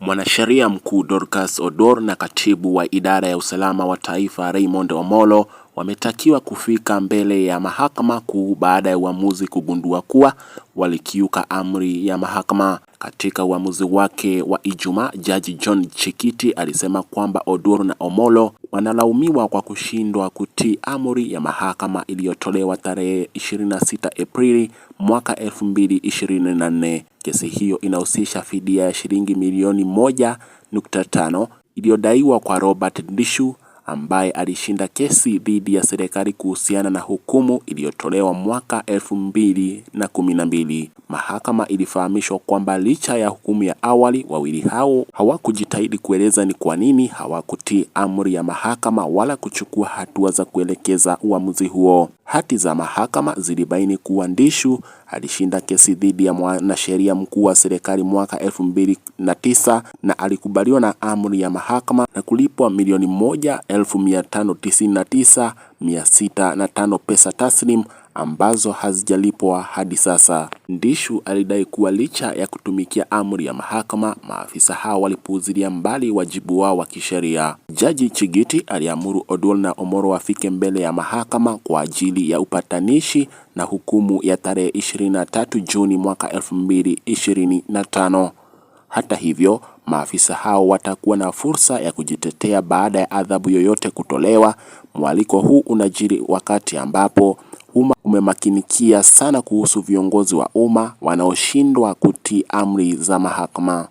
Mwanasheria Mkuu Dorcas Odor na Katibu wa Idara ya Usalama wa Taifa Raymond Omolo wametakiwa kufika mbele ya Mahakama Kuu baada ya uamuzi kugundua kuwa walikiuka amri ya mahakama. Katika uamuzi wake wa Ijumaa, jaji John Chikiti alisema kwamba oduor na Omolo wanalaumiwa kwa kushindwa kutii amri ya mahakama iliyotolewa tarehe 26 Aprili mwaka 2024. Kesi hiyo inahusisha fidia ya shilingi milioni 1.5 iliyodaiwa kwa Robert Ndishu ambaye alishinda kesi dhidi ya serikali kuhusiana na hukumu iliyotolewa mwaka elfu mbili na kumi na mbili. Mahakama ilifahamishwa kwamba licha ya hukumu ya awali, wawili hao hawakujitahidi kueleza ni kwa nini hawakutii amri ya mahakama wala kuchukua hatua za kuelekeza uamuzi huo. Hati za mahakama zilibaini kuwa Ndishu alishinda kesi dhidi ya mwanasheria mkuu wa serikali mwaka 2009 na alikubaliwa na amri ya mahakama na kulipwa milioni moja elfu mia tano tisini na tisa mia sita na tano pesa taslim ambazo hazijalipwa hadi sasa. Ndishu alidai kuwa licha ya kutumikia amri ya mahakama, maafisa hao walipuuzilia mbali wajibu wao wa kisheria. Jaji Chigiti aliamuru Oduor na omoro wafike mbele ya mahakama kwa ajili ya upatanishi na hukumu ya tarehe 23 Juni mwaka 2025. Hata hivyo, maafisa hao watakuwa na fursa ya kujitetea baada ya adhabu yoyote kutolewa. Mwaliko huu unajiri wakati ambapo umma umemakinikia sana kuhusu viongozi wa umma wanaoshindwa kutii amri za mahakama